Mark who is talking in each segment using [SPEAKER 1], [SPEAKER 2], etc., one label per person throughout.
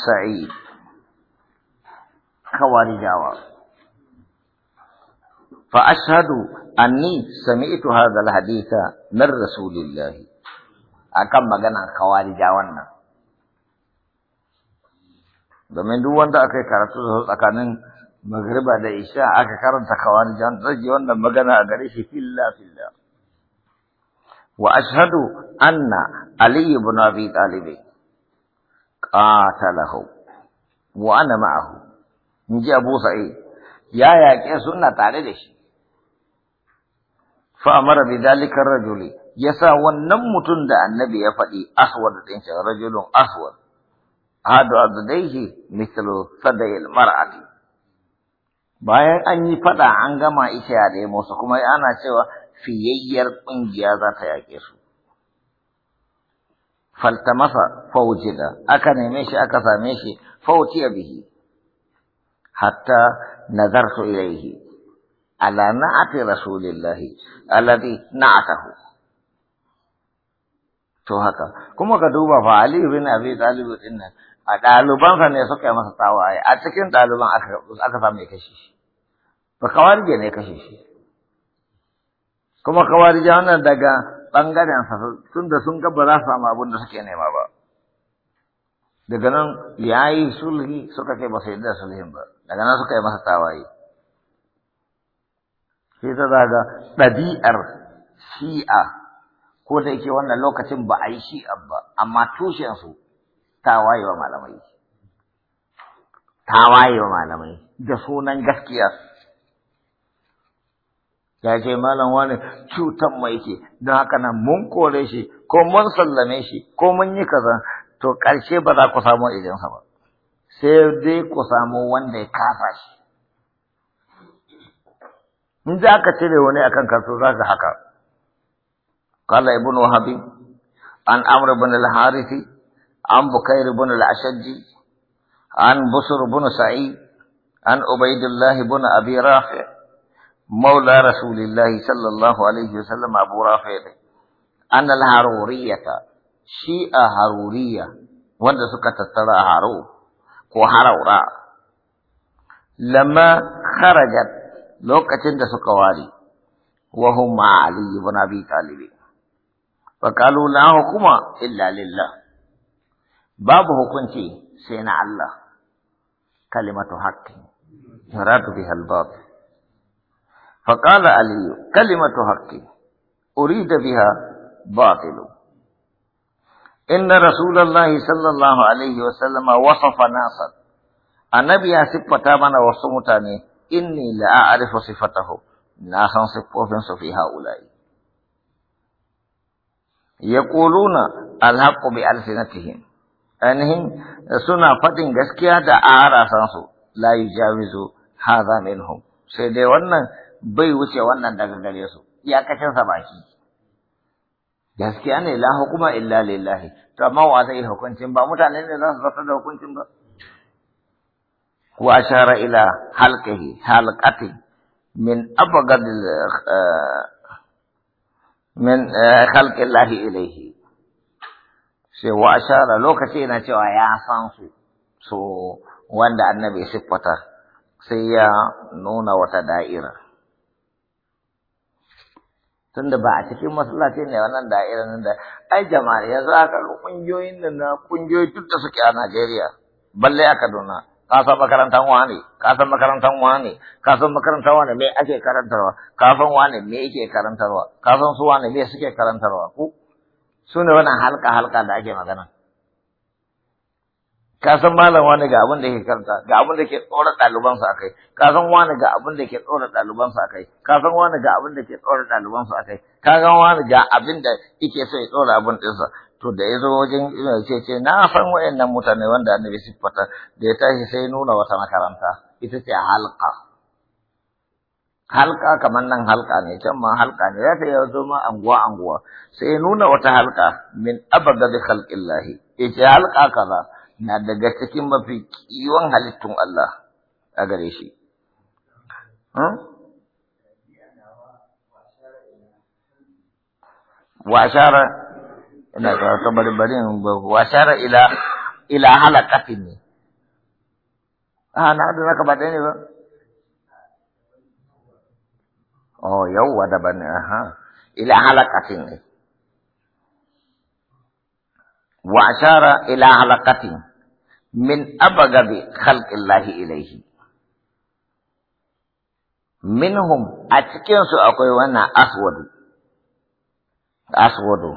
[SPEAKER 1] sa'id khawarijawa fa ashhadu anni sami'tu hadha alhaditha min rasulillah akan magana khawarijawan nan domin duk wanda aka yi karatu tsakanin magriba da isha aka karanta khawarijan zai wannan magana a gare shi filla filla wa ashhadu anna Aliyu, ibn abi qatalahu wa ana ma'ahu in ji Abu sa'i ya yaƙe suna tare da shi fa amara bi dhalika rajuli yasa wannan mutum da annabi ya faɗi aswad din shi rajulun aswad hadu azdaihi mithlu sadayil mar'ati bayan an yi faɗa an gama isha da musu kuma ana cewa fiyayyar ƙungiya za ta yaƙe su faltamasa fawjida aka neme shi aka same shi fawtiya bihi hatta nazartu ilayhi ala na'ati rasulillahi alladhi na'atahu to haka kuma ka duba fa Ali ibn Abi Talib din nan a sa ne suka masa tawaye a cikin ɗaliban aka same kashi. shi ba kawarje ne kashi. shi kuma kawarje wannan daga ɓangaren sa tun da sun gaba za su samu abin da suke nema ba daga nan ya yi sulhi suka kai ba su yadda sulhin ba daga nan suka yi masa tawaye sai ta ga ɗabi'ar shi'a ko da yake wannan lokacin ba a yi shi'a ba amma tushensu tawaye wa malamai tawaye wa malamai da sunan gaskiya ya ce malam wani cutan mai ke don haka nan mun kore shi ko mun sallame shi ko mun yi kaza to karshe ba za ku samu sa ba sai dai ku samu wanda ya kafa shi in za ka cire wani akan kaso za ka haka قال ابن وهب عن عمرو بن الحارث عن بكير بن الأشج عن بصر بن سعيد عن عبيد الله بن أبي رافع مولى رسول الله صلى الله عليه وسلم أبو رافع أن الهرورية شيء حروريه وند سكت ترى هارو وهرورا لما خرجت لوكتين دا سكواري وهم علي بن أبي طالب فقالوا لا حكم إلا لله باب حكمتي سين الله كلمة حق مراد بها الباطل فقال علي كلمة حق أريد بها باطل إن رسول الله صلى الله عليه وسلم وصف ناسا النبي يصف تامنا وصمتاني إني لا أعرف صفته ناسا صفوفنس في هؤلاء يقولون الحق بألسنتهم أنهم سنة فتن جسكيا دا آرا سانسو لا يجاوز هذا منهم سيدي ونن bai wuce wannan daga gare su Ya iyakacinsa baki gaskiya ne la hukuma illa lillahi to amma wa zai hukuncin ba mutane ne za su zata da hukuncin ba wa ashara ila halqihi halqati min abghad eh, min eh, khalqi llahi ilayhi sai wa ashara lokaci yana cewa ya san su so wanda annabi siffata sai ya nuna wata da'ira tunda ba a cikin masallaci ne wannan da'irar nan da ai jama'a yanzu aka ga kungiyoyin da na kungiyoyi duk da suke a Najeriya balle a Kaduna ka san makarantar wane ka san makarantar wane ka san makarantar wani me ake karantarwa ka san wane me yake karantarwa ka san su wane me suke karantarwa ku su ne wannan halka halka da ake magana ka san malam wani ga abin da ke karanta ga abin da ke tsora ɗalibansa akai ka san wani ga abin da ke tsora ɗalibansa akai ka san wani ga abin da ke tsora ɗalibansa akai ka san wani ga abin da yake so ya tsora abin ɗinsa to da ya zo wajen ina ce ce na san wayannan mutane wanda annabi siffata da ya tashi sai nuna wata makaranta ita ce halqa halka kamar nan halka ne can ma halka ne ya ta ya zo ma anguwa anguwa sai nuna wata halka min abada bi khalqillah ita halka kaza na daga cikin mafi kiwon halittun Allah a gare shi. Hmm? Washara, ina barbarin washara ila ila ne. Ah, na ne ba? Oh, daban ne, aha. Ila ne. min abagabi khalqillahi ilaihi minhum a cikinsu akwai wannan aswadu aswadu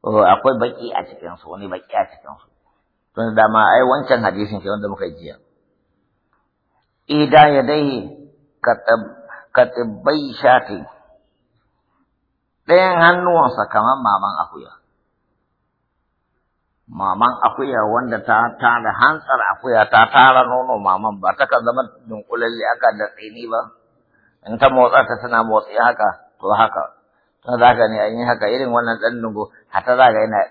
[SPEAKER 1] oh, akwai baki a cikinsu wani baki a cikinsu tun dama ai wancan hadisin ke wanda muka jiya ida ya dai katibbai shati ɗayan hannuwansa kamar maman akuya maman akuya wanda ta tara hantsar akuya ta tara nono maman ba ta kan zama dunkulalle aka da tsini ba in ta motsa ta tana motsi haka to haka ta za ka ne an yi haka irin wannan ɗan dungo hata za ka yana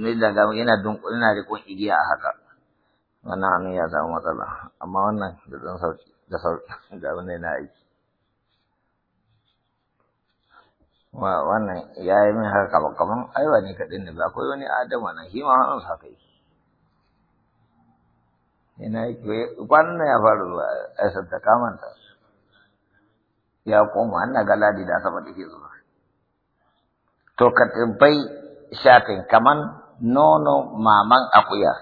[SPEAKER 1] ni daga yana dunkul yana rikon igiya a haka wannan amin ya zama matsala amma wannan da sauki da sauki da wannan yana aiki wannan ya yi min haka kaba kaman ai ba ni kaɗai ne ba akwai wani adama nan shi ma hannun sa kai ina yake kwanan ya faru a santa kamanta ya koma an ga ladi da sama da ke zuwa to ka tabbai shafin kaman nono maman akuya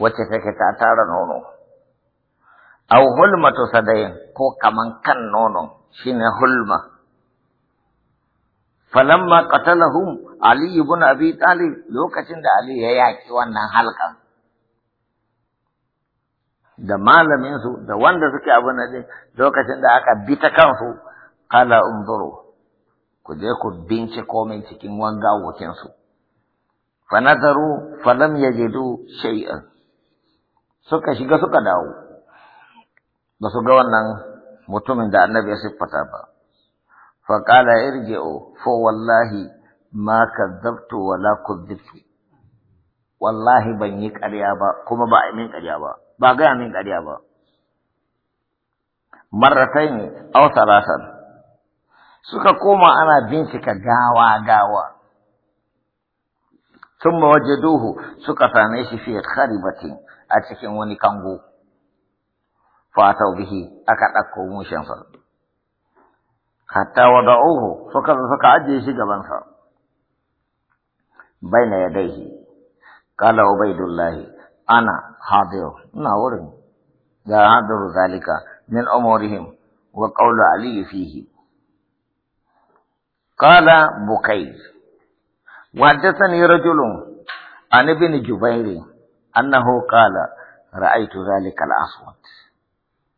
[SPEAKER 1] wacce take ta tara nono au to sadayin ko kaman kan nono shine hulma falamma qatalahum ali ibn abi talib lokacin da ali ya yaki wannan halkan da malamin su da wanda suke na din lokacin da aka bi ta kansu kala unzuru ku je ku binciko min cikin wanga wakin su fa nazaru falam yajidu shay'an suka shiga suka dawo ba su ga wannan mutumin da annabi ya siffata ba فقال ارجعوا فوالله ما كذبت ولا كذبت والله ban yi با كما با من قريا با با ba ba ga min ƙarya ba marratayn aw thalathan suka koma ana bincika gawa gawa ثم وجدوه suka same shi fi kharibatin a cikin wani kango fatau bihi aka ɗauko mushin sa حتى وضعوه فقط فك عجي شجبانها بين يديه قال عبيد الله انا حاضر ناور يا حاضر ذلك من امورهم وقول علي فيه قال بكير وحدثني رجل عن ابن جبير انه قال رايت ذلك الاصوات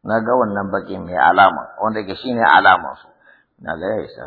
[SPEAKER 1] نجا ونبكي من علامه ونجا شيني علامه na la ya isa